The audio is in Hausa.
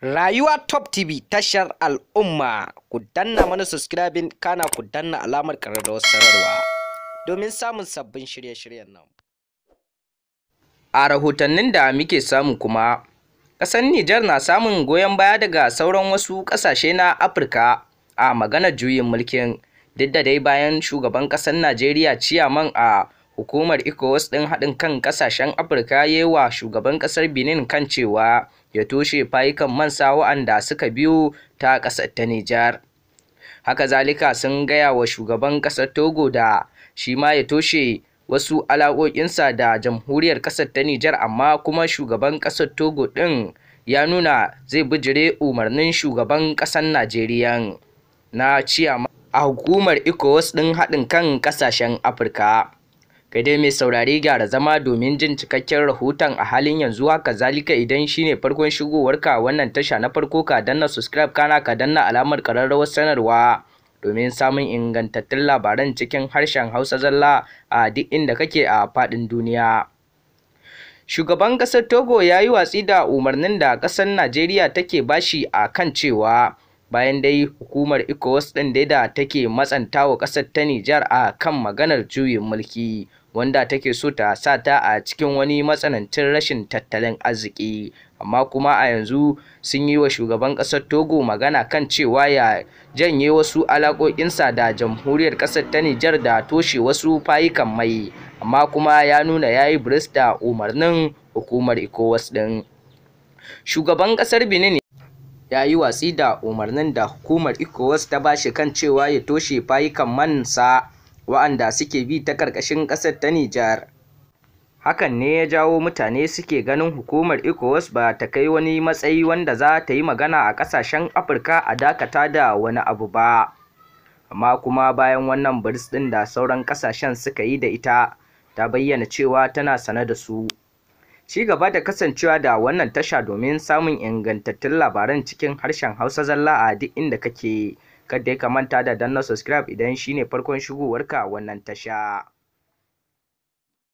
Rayuwa Top TV tashar al'umma ku danna mana subscribing kana ku danna alamar ƙararrawar sanarwa domin samun sabbin shirye-shiryen nan. A rahotannin da muke samu kuma, ƙasar Nijar na samun goyon baya daga sauran wasu ƙasashe na Afirka a maganar juyin mulkin duk da dai bayan shugaban ƙasar Najeriya ciyaman a Hukumar ECOWAS ɗin haɗin kan ƙasashen Afirka ya wa shugaban ƙasar Benin kan cewa ya toshe fayukan mansa wa'anda suka biyo ta ƙasar ta Nijar. Haka zalika sun gaya wa shugaban ƙasar Togo da shi ma ya toshe wasu alaƙoƙinsa da jamhuriyar ƙasar ta Nijar amma kuma shugaban ƙasar Togo ɗin ya nuna zai bijire umarnin shugaban ƙasar Najeriya na ciyama a hukumar ECOWAS ɗin haɗin kan ƙasashen Afirka. kai dai mai saurari gyara zama domin jin cikakken rahoton a halin yanzu haka zalika idan shine farkon shigowarka wannan tasha na farko ka danna subscribe kana ka danna alamar kararrawar sanarwa domin samun ingantattun labaran cikin harshen hausa zalla a duk inda kake a faɗin duniya shugaban ƙasar togo ya yi watsi da umarnin da ƙasar najeriya take bashi a kan cewa bayan dai hukumar ecowas ɗin da take matsantawa ƙasar ta nijar a kan maganar juyin mulki wanda take so ta sa ta a cikin wani matsanancin rashin tattalin arziki amma kuma a yanzu sun yi wa shugaban ƙasar togo magana kan cewa ya janye wasu alaƙoƙinsa da jamhuriyar ƙasar ta nijar da toshe wasu fayukan mai amma kuma ya nuna ya yi da umarnin hukumar ecowas ɗin shugaban ƙasar benin ya yi watsi da umarnin da hukumar ecowas ta bashi kan cewa ya toshe fayukan mansa wa'anda suke bi ta ƙarƙashin ƙasar ta Nijar. Hakan ne ya jawo mutane suke ganin hukumar ECOWAS ba ta kai wani matsayi wanda za ta yi magana a ƙasashen Afirka a dakata da wani abu ba. Amma kuma bayan wannan baris ɗin da sauran ƙasashen suka yi da ita, ta bayyana cewa tana sane da su. Ci gaba da kasancewa da wannan tasha domin samun ingantattun labaran cikin harshen Hausa zalla a duk inda kake. kada ya kamanta da danna subscribe idan shine farkon shigowarka wannan tasha